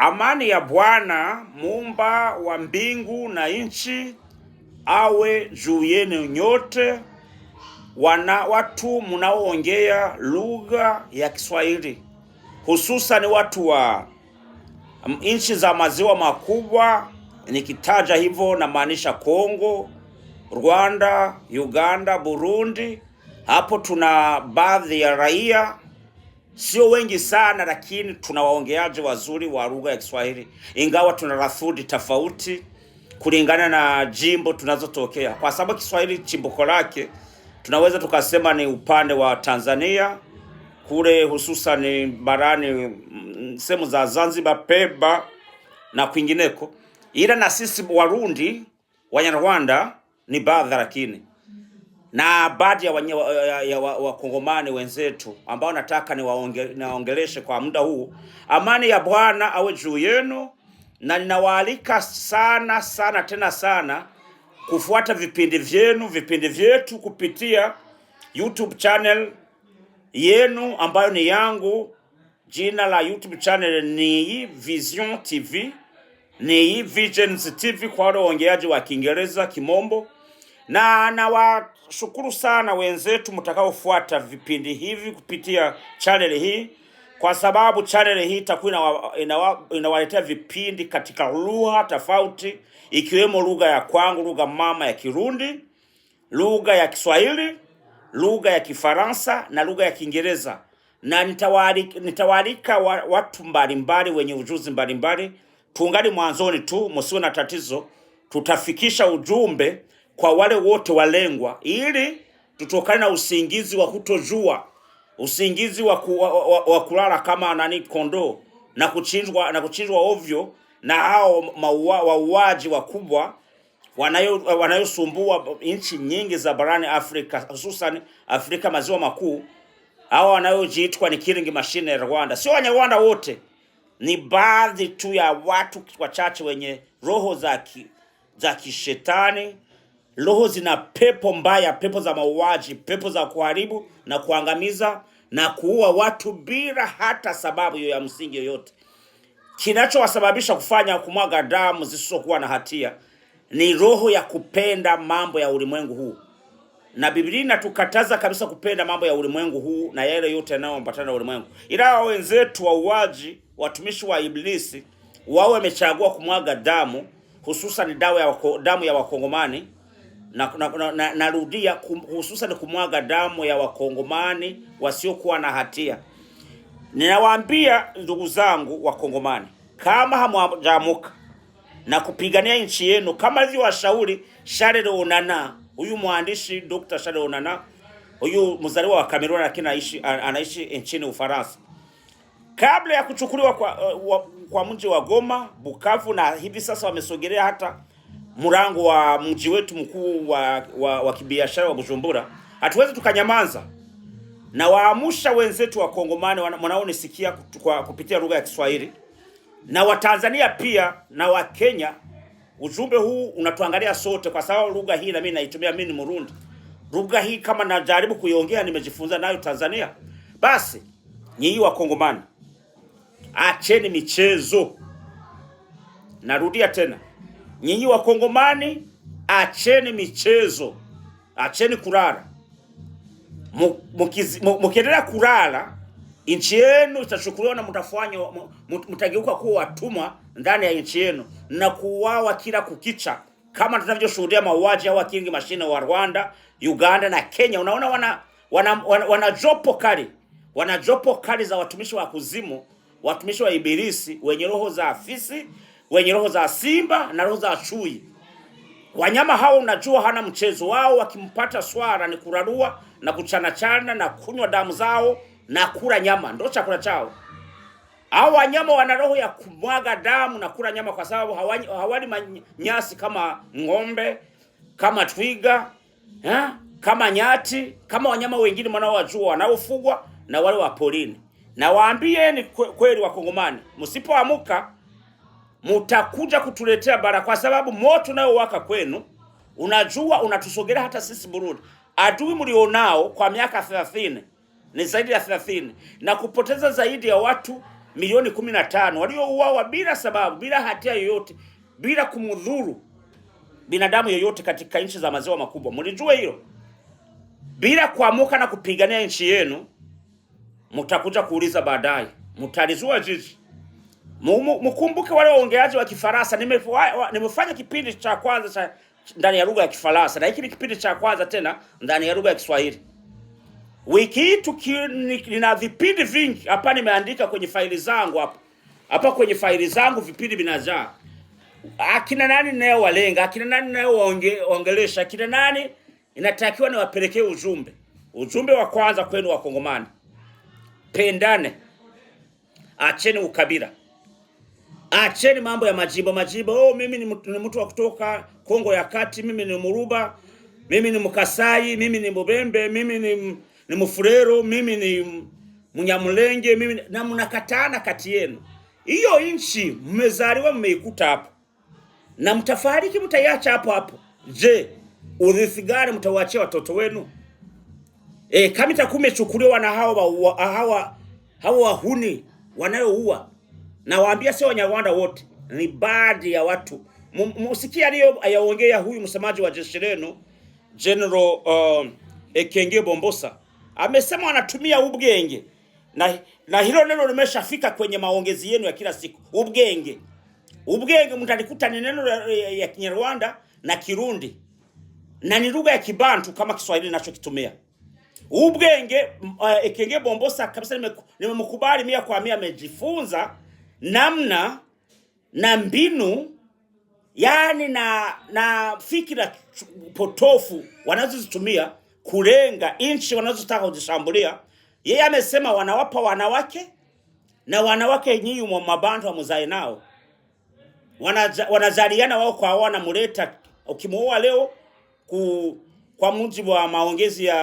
Amani ya Bwana muumba wa mbingu na nchi awe juu yenu nyote, wana watu mnaoongea lugha ya Kiswahili, hususan watu wa mm, nchi za maziwa makubwa. Nikitaja hivyo namaanisha Kongo, Rwanda, Uganda, Burundi. Hapo tuna baadhi ya raia sio wengi sana, lakini tuna waongeaji wazuri wa lugha ya Kiswahili, ingawa tuna lafudhi tofauti kulingana na jimbo tunazotokea, kwa sababu Kiswahili chimbuko lake tunaweza tukasema ni upande wa Tanzania kule, hususan barani mm, sehemu za Zanzibar, Pemba na kwingineko, ila na sisi Warundi Wanyarwanda ni baadhi lakini na baadhi ya wakongomani wa, wa wenzetu ambao nataka niwaongeleshe kwa muda huu. Amani ya Bwana awe juu yenu, na ninawaalika sana sana tena sana kufuata vipindi vyenu vipindi vyetu kupitia YouTube channel yenu ambayo ni yangu. Jina la YouTube channel ni Vision TV, ni Visions TV kwa wale waongeaji wa Kiingereza Kimombo, na na wa shukuru sana wenzetu mtakaofuata vipindi hivi kupitia channel hii, kwa sababu channel hii itakuwa inawaletea vipindi katika lugha tofauti, ikiwemo lugha ya kwangu, lugha mama ya Kirundi, lugha ya Kiswahili, lugha ya Kifaransa na lugha ya Kiingereza, na nitawaalika watu mbalimbali wenye ujuzi mbalimbali. Tungali mwanzoni tu, msiwe na tatizo, tutafikisha ujumbe kwa wale wote walengwa, ili tutokane na usingizi wa kutojua, usingizi wa, ku, wa, wa, wa kulala kama nani kondoo na kuchinjwa na kuchinjwa ovyo na hao wauaji wakubwa wanayosumbua nchi nyingi za barani Afrika, hususan Afrika maziwa makuu. Hao wanayojiitwa ni killing machine ya Rwanda, sio Wanyarwanda wote, ni baadhi tu ya watu wachache wenye roho za kishetani roho zina pepo mbaya, pepo za mauaji, pepo za kuharibu na kuangamiza na kuua watu bila hata sababu ya msingi yoyote. Kinachowasababisha kufanya kumwaga damu zisizokuwa na hatia ni roho ya kupenda mambo ya ulimwengu huu, na Biblia inatukataza kabisa kupenda mambo ya ulimwengu huu na yale yote yanayoambatana na ulimwengu. Ila wenzetu wauaji, watumishi wa Iblisi, wao wamechagua kumwaga damu, hususan damu ya Wakongomani na, na, na, na, narudia hususan kumwaga damu ya wakongomani wasiokuwa na hatia. Ninawaambia ndugu zangu wakongomani, kama hamwajamuka na kupigania nchi yenu kama washauri Charles Onana, huyu mwandishi Dr. Charles Onana, huyu mzaliwa wa Kamerun lakini anaishi, anaishi nchini Ufaransa, kabla ya kuchukuliwa kwa, uh, kwa mji wa Goma, Bukavu na hivi sasa wamesogelea hata mlango wa mji wetu mkuu wa, wa, wa kibiashara wa Bujumbura, hatuwezi tukanyamaza na waamusha wenzetu wa Kongomani wanaonisikia kwa kupitia lugha ya Kiswahili na Watanzania pia na Wakenya. Ujumbe huu unatuangalia sote, kwa sababu lugha hii na mimi naitumia, mimi ni Murundi. Lugha hii kama najaribu kuiongea, nimejifunza nayo Tanzania. Basi nyinyi wa Kongomani, acheni michezo. Narudia tena, Nyinyi Wakongomani, acheni michezo, acheni kulala. Mkiendelea kulala, nchi yenu itachukuliwa na mtafanya, mtageuka kuwa watumwa ndani ya nchi yenu na kuuawa kila kukicha, kama tunavyoshuhudia mauaji ya wakingi mashine wa Rwanda, Uganda na Kenya. Unaona wana wana, wana, wana jopo kali wana jopo kali za watumishi wa kuzimu, watumishi wa Ibilisi wenye roho za afisi wenye roho za simba na roho za chui. Wanyama hao unajua, hana mchezo wao, wakimpata swara ni kurarua na kuchanachana na kunywa damu zao na kula nyama, ndio chakula chao. Hao wanyama wana roho ya kumwaga damu na kula nyama, kwa sababu hawali nyasi kama ng'ombe, kama twiga ha? kama nyati, kama wanyama wengine mnaowajua wanaofugwa na wale wa porini. Na waambieni kweli, Wakongomani, msipoamuka mutakuja kutuletea bara, kwa sababu moto unayowaka kwenu unajua unatusogera hata sisi Burundi. Adui mlionao kwa miaka 30 ni zaidi ya 30 na kupoteza zaidi ya watu milioni 15 waliouawa bila sababu, bila hatia yoyote, bila kumdhuru binadamu yoyote katika nchi za maziwa makubwa. Mlijue hilo. Bila kuamuka na kupigania nchi yenu, mtakuja kuuliza baadaye, mtalizua jiji Mkumbuke wale waongeaji wa Kifaransa. Nimefanya kipindi cha kwanza cha ndani ya lugha ya Kifaransa na hiki ni kipindi cha kwanza tena ndani ya lugha ya Kiswahili. Wiki hii tuki nina vipindi vingi hapa, nimeandika kwenye faili zangu hapa hapa kwenye faili zangu vipindi vinajaa. Akina nani nayo walenga, akina nani nayo waongelesha, akina nani inatakiwa niwapelekee ujumbe. Ujumbe wa kwanza kwenu Wakongomani, pendane, acheni ukabila. Acheni mambo ya majimbo majimbo. Oh, mimi ni mtu wa kutoka Kongo ya Kati, mimi ni Muruba, mimi ni Mkasai, mimi ni Mubembe, mimi ni, ni Mufurero, mimi ni Mnyamulenge, mimi na mnakatana kati yenu. Hiyo inchi mmezaliwa mmeikuta hapo. Na mtafariki mtaiacha hapo hapo. Je, urithi gani mtawaachia watoto wenu? E, kama itakumechukuliwa na hawa hawa hawa wahuni wanayoua Nawaambia sio Wanyarwanda wote, ni baadhi ya watu. Musikia aliyo ayaongea huyu msemaji wa jeshi lenu General uh, Ekenge Bombosa amesema wanatumia ubwenge na, na hilo neno limeshafika kwenye maongezi yenu ya kila siku. Ubwenge, ubwenge mtalikuta ni neno ya Kinyarwanda na Kirundi na ni lugha ya Kibantu kama Kiswahili nachokitumia. Ubwenge uh, Ekenge Bombosa kabisa nimemkubali mia kwa mia, amejifunza namna na mbinu yani na, na fikira potofu wanazozitumia kulenga inchi wanazotaka kuzishambulia. Yeye amesema wanawapa wanawake na wanawake nyinyi mwa mabantu wa muzai nao wanazaliana wao kwa wana muleta. ukimuoa leo ku, kwa mujibu wa maongezi ya,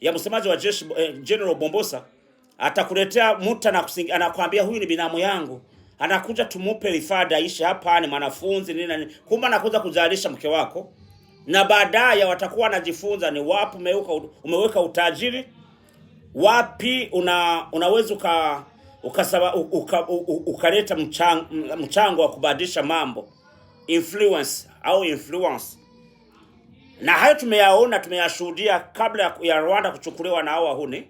ya msemaji wa jeshi eh, General Bombosa atakuletea muta na kusingi, anakuambia huyu ni binamu yangu, anakuja tumupe rifada aishi hapa, ni mwanafunzi nini nini, kumbe anakuja kuzalisha mke wako, na baadaye watakuwa wanajifunza ni wapi umeweka, umeweka utajiri, wapi una, unaweza uka ukaleta uka, uka, uka mchango, mchango wa kubadilisha mambo influence au influence. Na hayo tumeyaona tumeyashuhudia kabla ya Rwanda kuchukuliwa na hao wahuni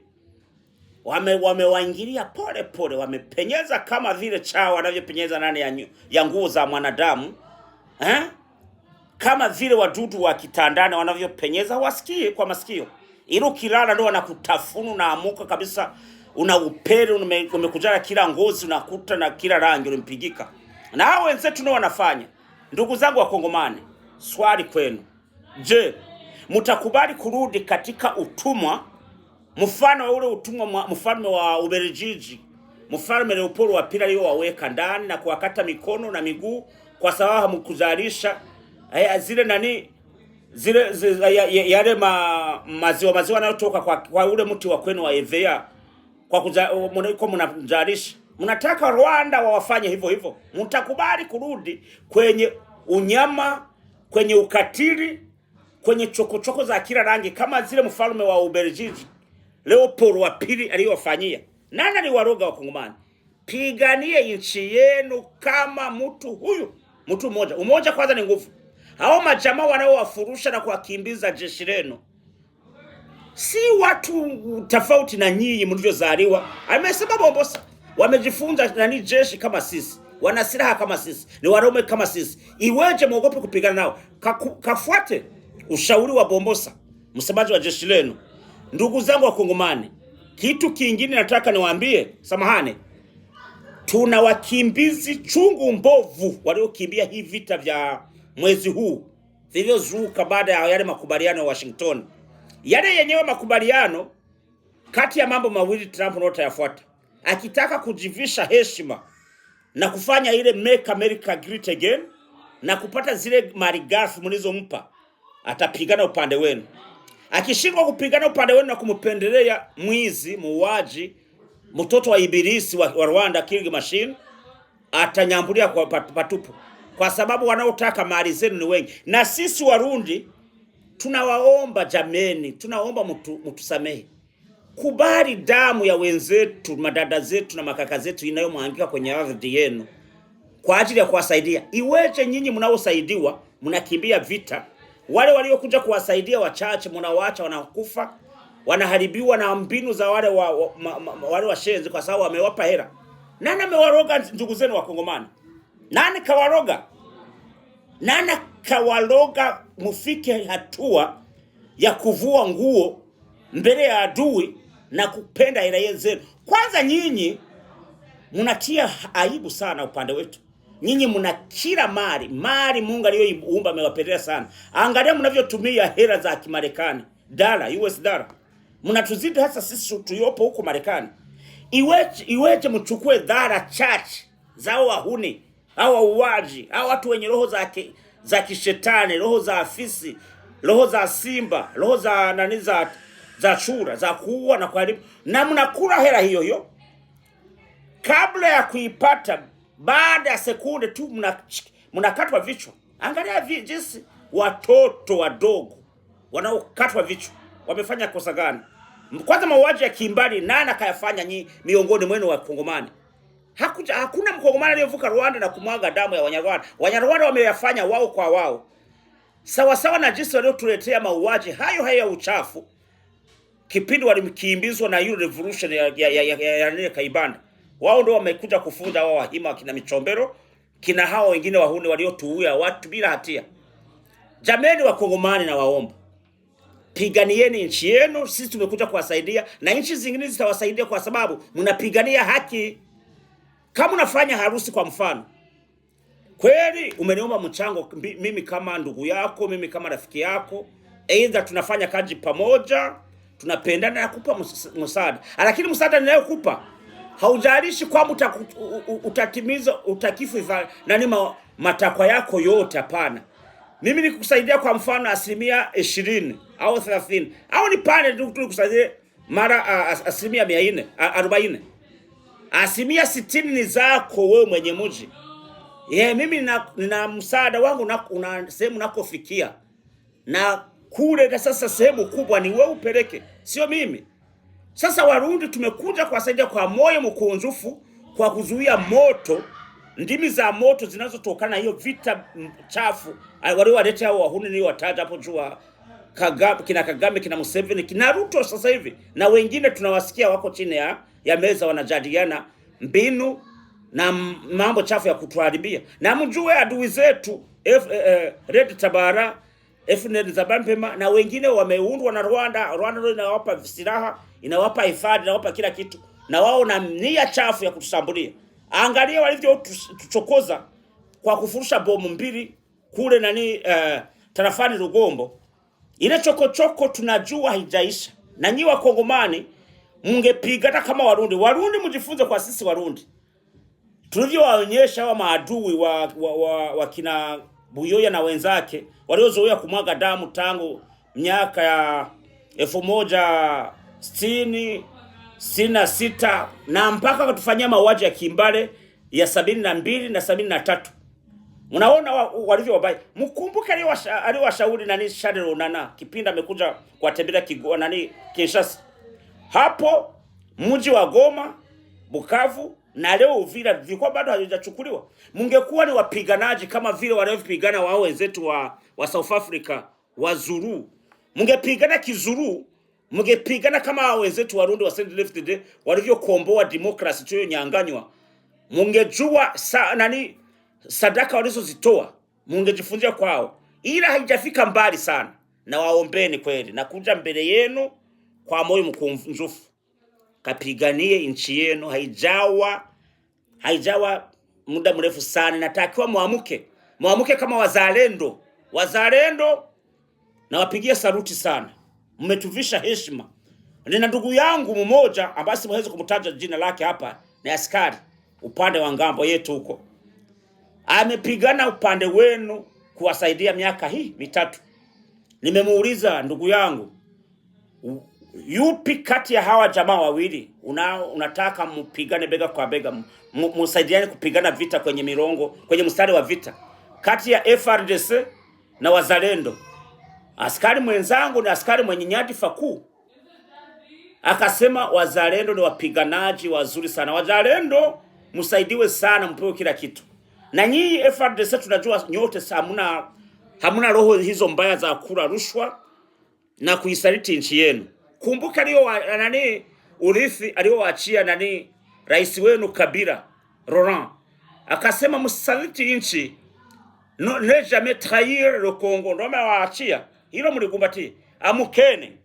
wamewaingilia pole pole, wamepenyeza kama vile chawa wanavyopenyeza ndani ya, ya nguo za mwanadamu eh? Kama vile wadudu wa kitandani wanavyopenyeza wasikii kwa masikio, ili ukilala ndio wanakutafunu na amuka kabisa, una upele umekujana kila ngozi, unakuta na kila rangi ulimpigika. Na hao wenzetu ndio wanafanya. Ndugu zangu Wakongomani, swali kwenu, je, mtakubali kurudi katika utumwa mfano wa ule utumwa mfalme wa Ubelgiji, mfalme Leopoldo wa pili aliyowaweka ndani na kuwakata mikono na miguu kwa sababu hamkuzalisha eh, zile nani zile, zile yale ma, maziwa maziwa yanayotoka kwa, kwa ule mti wa kwenu wa Evea kwa kuzaliko mnazalisha. Mnataka Rwanda wawafanye hivyo hivyo, mtakubali kurudi kwenye unyama, kwenye ukatili, kwenye chokochoko choko za kila rangi kama zile mfalme wa Ubelgiji Leopold wa pili aliyofanyia. Nani aliwaroga Wakongomani? Piganie nchi yenu kama mtu huyu, mtu mmoja. Umoja kwanza ni nguvu. Hao majamaa wanaowafurusha na kuwakimbiza jeshi lenu si watu tofauti na nyinyi mlivyozaliwa. Amesema Bombosa, wamejifunza nani jeshi kama sisi, wana silaha kama sisi, ni wanaume kama sisi, iweje mwogope kupigana nao? Kaku, kafuate ushauri wa Bombosa, msemaji wa jeshi lenu. Ndugu zangu Wakongomani, kitu kingine nataka niwaambie, samahani, tuna wakimbizi chungu mbovu waliokimbia hii vita vya mwezi huu vilivyozuka baada ya yale makubaliano ya Washington, yale yenyewe makubaliano kati ya mambo mawili Trump ndio akitaka kujivisha heshima na kufanya ile make America great again na kupata zile malighafi mlizompa, atapigana upande wenu akishindwa kupigana upande wenu na kumpendelea mwizi, muuaji, mtoto wa ibilisi wa, Rwanda King Machine atanyambulia kwa patupu, kwa sababu wanaotaka mali zenu ni wengi. Na sisi Warundi tunawaomba jameni, tunaomba mtu, mtusamehe kubali damu ya wenzetu, madada zetu na makaka zetu inayomwangika kwenye ardhi yenu kwa ajili ya kuwasaidia. Iweje nyinyi mnaosaidiwa mnakimbia vita wale waliokuja kuwasaidia wachache mnawaacha wanakufa, wanaharibiwa na mbinu za wale wa, wa, ma, ma, wale washenzi, kwa sababu wamewapa hela. Nani amewaroga ndugu zenu Wakongomani? Nani kawaroga? Nani kawaroga? Mufike hatua ya kuvua nguo mbele ya adui na kupenda hela zenu. Kwanza nyinyi mnatia aibu sana upande wetu. Nyinyi mna kila mali mali Mungu aliyoiumba amewapelea sana. Angalia mnavyotumia hela za Kimarekani, dola US dola, mnatuzidi hasa sisi tuyopo huko Marekani. Iweje, iweje mchukue dhara chache za wahuni au wauaji au watu wenye roho za ke, za kishetani, roho za afisi, roho za simba, roho za nani za za chura za kuua na kuharibu, na mnakula hela hiyo hiyo kabla ya kuipata baada ya sekunde tu mnakatwa mna vichwa. Angalia jinsi watoto wadogo wanaokatwa vichwa wamefanya kosa gani? Kwanza mauaji ya kimbali nani akayafanya? Nyi miongoni mwenu wa Kongomani? Hakuja, hakuna mkongomani aliyevuka Rwanda na kumwaga damu ya Wanyarwanda. Wanyarwanda wameyafanya wao kwa wao, sawa sawa na jinsi waliotuletea mauaji hayo hayo ya uchafu kipindi walimkimbizwa na yule revolution ya, ya, ya, ya, ya, ya, ya, ya Kaibanda wao ndio wamekuja kufunza wao wahima kina Michombero kina hao wengine wahuni waliotuua watu bila hatia. Jameni wa Kongomani, na waomba piganieni nchi yenu. Sisi tumekuja kuwasaidia na nchi zingine zitawasaidia kwa sababu mnapigania haki. Kama unafanya harusi kwa mfano, kweli umeniomba mchango, mimi kama ndugu yako, mimi kama rafiki yako, aidha tunafanya kazi pamoja, tunapendana, nakupa msaada, lakini msaada ninayokupa haujalishi kwamba utatimiza utakifu nani matakwa yako yote, hapana. Mimi nikusaidia kwa mfano asilimia ishirini au thelathini au ni pale nikusaidie mara asilimia mia nne arobaini asilimia sitini ni zako wewe mwenye mji ye, eh, mimi nina, msaada wangu na, una sehemu nakofikia na kule na sasa, sehemu kubwa ni wewe upeleke, sio mimi. Sasa Warundi tumekuja kuwasaidia kwa moyo mkunjufu, kwa kuzuia moto, ndimi za moto zinazotokana na hiyo vita chafu waliowaletea hao wahuni wataja hapo juu Kagame, kina Kagame kina Museveni kina Ruto sasa hivi na wengine tunawasikia wako chini ya, ya meza wanajadiliana mbinu na mambo chafu ya kutuharibia. Na mjue adui zetu F, eh, eh Red Tabara FNL za Bampema na wengine wameundwa na Rwanda. Rwanda ndio inawapa silaha, inawapa hifadhi, inawapa kila kitu, na wao na nia chafu ya kutusambulia. Angalia walivyo tuchokoza kwa kufurusha bomu mbili kule nani, uh, tarafani Rugombo. Ile chokochoko choko tunajua haijaisha, na nyi Wakongomani mungepiga hata kama Warundi. Warundi mjifunze kwa sisi Warundi tulivyowaonyesha wa maadui wa, wa, wa, wa kina Buyoya na wenzake waliozoea kumwaga damu tangu miaka ya elfu moja sitini sitini na sita na mpaka kutufanyia mauaji ya kimbale ya sabini na mbili na sabini na tatu. unaona walivyo wabaya. Mkumbuke wa nani Shadel Runana kipindi amekuja kuwatembelea Kigoma nani Kinshasa. Hapo mji wa Goma, Bukavu na leo Uvira vilikuwa bado havijachukuliwa, Mungekuwa ni wapiganaji kama vile wanavyopigana wao wenzetu wa, wa South Africa wa Zulu, mngepigana kizuru, mngepigana kama hao wenzetu Warundi wa Left Day walivyokomboa demokrasi tuyo nyanganywa, mungejua sa, nani sadaka walizozitoa mungejifunzia kwao, ila haijafika mbali sana, na waombeni kweli, nakuja mbele yenu kwa moyo mkunjufu kapiganie nchi yenu, haijawa haijawa muda mrefu sana. Natakiwa mwamke mwamke kama wazalendo. Wazalendo nawapigia saluti sana, mmetuvisha heshima. Nina ndugu yangu mmoja ambaye siwezi kumtaja jina lake hapa, ni askari upande wa ngambo yetu huko, amepigana upande wenu kuwasaidia miaka hii mitatu. Nimemuuliza ndugu yangu Yupi kati ya hawa jamaa wawili una, unataka mpigane bega kwa bega, msaidiane kupigana vita kwenye mirongo, kwenye mstari wa vita kati ya FRDC na wazalendo? Askari mwenzangu ni askari mwenye nyadhifa kuu, akasema wazalendo ni wapiganaji wazuri sana, wazalendo msaidiwe sana, mpewe kila kitu. Na nyinyi FRDC tunajua nyote hamuna hamuna roho hizo mbaya za kula rushwa na kuisaliti nchi yenu. Kumbuka aliyo nani urithi aliyowaachia nani rais wenu Kabila Laurent, akasema msaliti inchi no, ne jamais trahir le Congo. Ndio amewaachia hilo, mlikumbati amukeni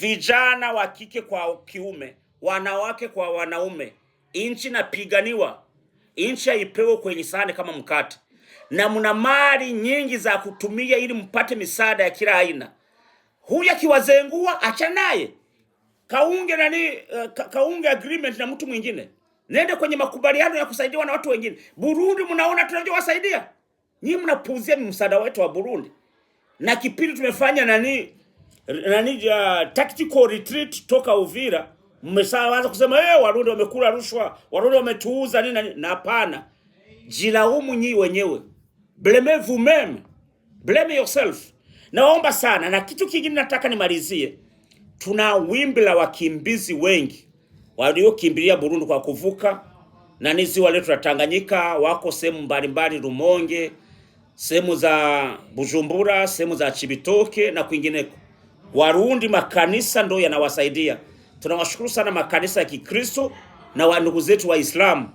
vijana wa kike kwa kiume, wanawake kwa wanaume, inchi napiganiwa, inchi haipewe kwenye sahani kama mkate, na mna mali nyingi za kutumia ili mpate misaada ya kila aina. Huyu akiwazengua acha naye kaunge nani, uh, kaunge agreement na mtu mwingine, nende kwenye makubaliano ya kusaidiwa na watu wengine. Burundi mnaona tunavyowasaidia nyinyi, mnapuuzia msaada wetu wa Burundi na kipindi tumefanya nani nani uh, tactical retreat toka Uvira, mmesawaza kusema eh, hey, Warundi wamekula rushwa, Warundi wametuuza nini nini. Na hapana, jilaumu nyinyi wenyewe, blame vous meme, blame yourself. Naomba sana, na kitu kingine nataka nimalizie tuna wimbi la wakimbizi wengi waliokimbilia Burundi kwa kuvuka na ni ziwa letu la Tanganyika, wako sehemu mbalimbali, Rumonge, sehemu za Bujumbura, sehemu za Chibitoke na kwingineko. Warundi makanisa ndio yanawasaidia. Tunawashukuru sana makanisa ya Kikristo na wandugu zetu Waislamu,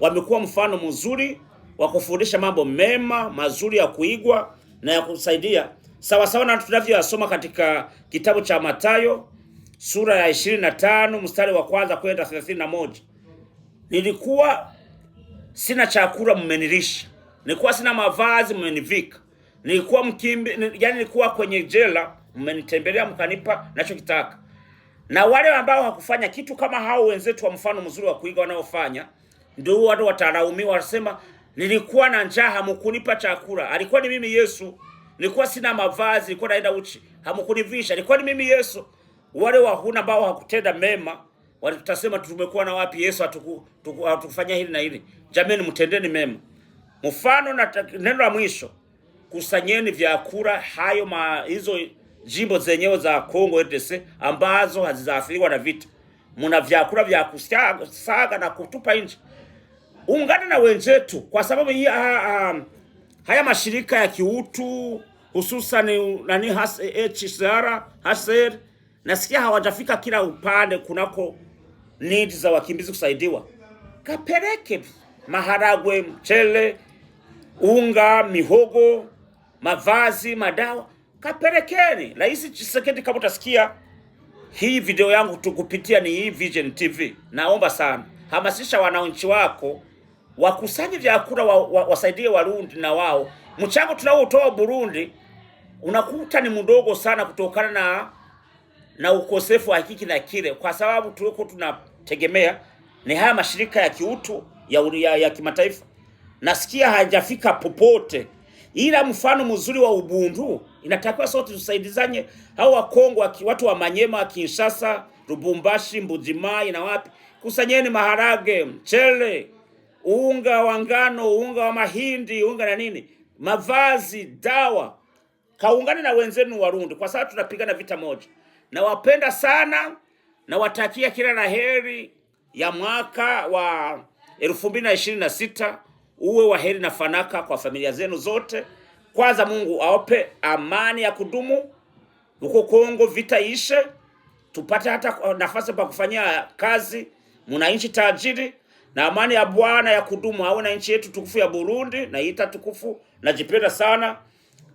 wamekuwa mfano mzuri wa kufundisha mambo mema mazuri ya kuigwa na ya kusaidia sawasawa na tunavyoyasoma katika kitabu cha Mathayo sura ya 25 mstari wa kwanza kwenda 31. Nilikuwa sina chakula, mmenilisha. Nilikuwa sina mavazi, mmenivika. Nilikuwa mkimbi, yani nilikuwa kwenye jela, mmenitembelea, mkanipa nachokitaka. Na wale ambao hakufanya kitu kama hao wenzetu wa mfano mzuri wa kuiga wanaofanya, ndio watu watalaumiwa, wasema nilikuwa na njaa, hamkunipa chakula. Alikuwa ni mimi Yesu nilikuwa sina mavazi, nilikuwa naenda uchi, hamkunivisha. Nilikuwa ni mimi Yesu. Wale wahuna ambao hakutenda mema walitasema tumekuwa na wapi Yesu hatukufanyia hili na hili. Jamani, mtendeni mema. Mfano na neno la mwisho, kusanyeni vyakula hayo ma, hizo jimbo zenyewe za Kongo RDC ambazo hazizaathiriwa na vita, mna vyakula vya kusaga na kutupa nje. Ungana na wenzetu kwa sababu hii, ha, ah, ah, ha, haya mashirika ya kiutu hususan nani HCR, eh, HCR nasikia hawajafika kila upande kunako need za wakimbizi kusaidiwa. Kapeleke maharagwe, mchele, unga, mihogo, mavazi, madawa, kapelekeni. Rais Tshisekedi, kama utasikia hii video yangu tukupitia ni hii Vision TV, naomba sana hamasisha wananchi wako wakusanye vyakula, wasaidie wa, wa Warundi na wao mchango tunaoutoa Burundi unakuta ni mdogo sana kutokana na na ukosefu wa hakiki na kile, kwa sababu tuko tunategemea ni haya mashirika ya kiutu ya, ya, ya kimataifa nasikia hajafika popote, ila mfano mzuri wa ubundu inatakiwa sote tusaidizanye. Hao Wakongo, watu wa Manyema, wa Kinshasa, Lubumbashi, Mbujimai na wapi, kusanyeni maharage, mchele, unga wa ngano, unga wa mahindi, unga na nini, mavazi, dawa kaungane na wenzenu Warundi kwa sababu tunapigana vita moja. Nawapenda sana, nawatakia kila la heri ya mwaka wa elfu mbili na ishirini na sita uwe wa heri na fanaka kwa familia zenu zote. Kwanza Mungu aope amani ya kudumu huko Kongo, vita ishe, tupate hata nafasi pa kufanyia kazi. Muna nchi tajiri na amani ya Bwana ya kudumu awe na nchi yetu tukufu ya Burundi na ita tukufu. Najipenda sana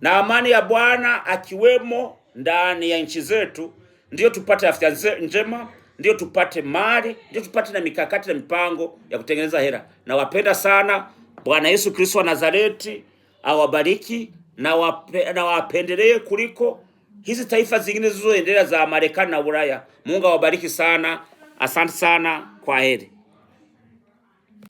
na amani ya Bwana akiwemo ndani ya nchi zetu, ndio tupate afya njema, ndio tupate mali, ndio tupate na mikakati na mipango ya kutengeneza hela Nawapenda sana. Bwana Yesu Kristo wa Nazareti awabariki na wape, na wapendelee kuliko hizi taifa zingine zilizoendelea za Marekani na Ulaya. Mungu awabariki sana. Asante sana, kwa heri.